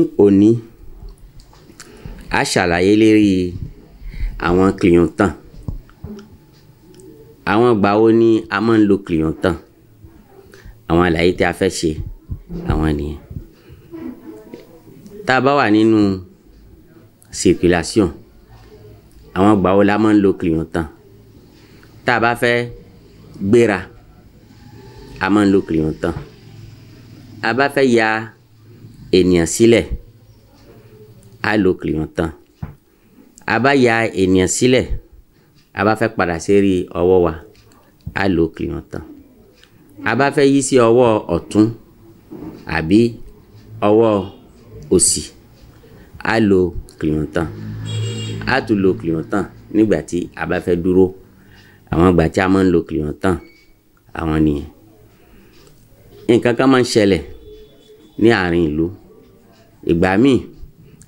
Ní òní, a ṣàlàyé lérí àwọn Clinton. Àwọn ìgbà wo ni a máa ń lo Clinton? Àwọn àlàyé tí a fẹ́ ṣe àwọn nìyẹn. Tá a bá wà nínú circulation, àwọn ìgbà wo la máa ń lo Clinton? Tá a bá fẹ́ gbéra, a máa ń lo Clinton. A bá fẹ́ ya ènìyàn sílẹ̀ á lo crayon tán a bá ya ènìyàn sílẹ̀ a bá fẹ́ padà sérí ọwọ́ wa á lo crayon tán a bá fẹ́ yí sí ọwọ́ ọ̀tún àbí ọwọ́ òsì á tán a tún lo crayon tán nígbà tí a bá fẹ́ dúró àwọn ìgbà tí a máa ń lo crayon tán àwọn nìyẹn nǹkan kan máa ń ṣẹlẹ̀ ní àárín ìlú ìgbà míì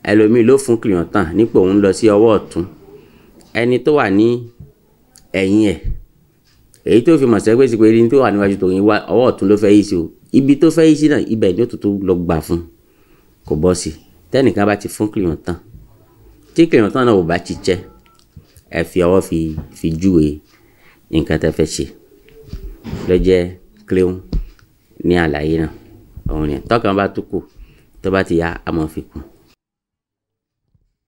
ẹlòmíì ló fún kìlọ̀ntàn nípò òun lọ sí ọwọ́ ọ̀tún ẹni tó wà ní ẹ̀yìn ẹ̀ èyí tó fi mọ̀ sẹ́ pé sípò ẹni tó wà níwájú tòun wá ọwọ́ ọ̀tún ló fẹ́ yí sí o ibi tó fẹ́ yí sí náà ibẹ̀ ni ó tó lọ gbà fún kò bọ́ sí tẹ́nìkan bá ti fún kìlọ̀ntàn tí kìlọ̀ntàn náà ò bá ti jẹ́ ẹ fi ọwọ́ fi fi júwe nǹkan tẹ́ fẹ́ ṣe ló jẹ́ cleon ní àlàyé náà òun ni tọ́kàn bá tó kù tó bá ti yá a fi kún.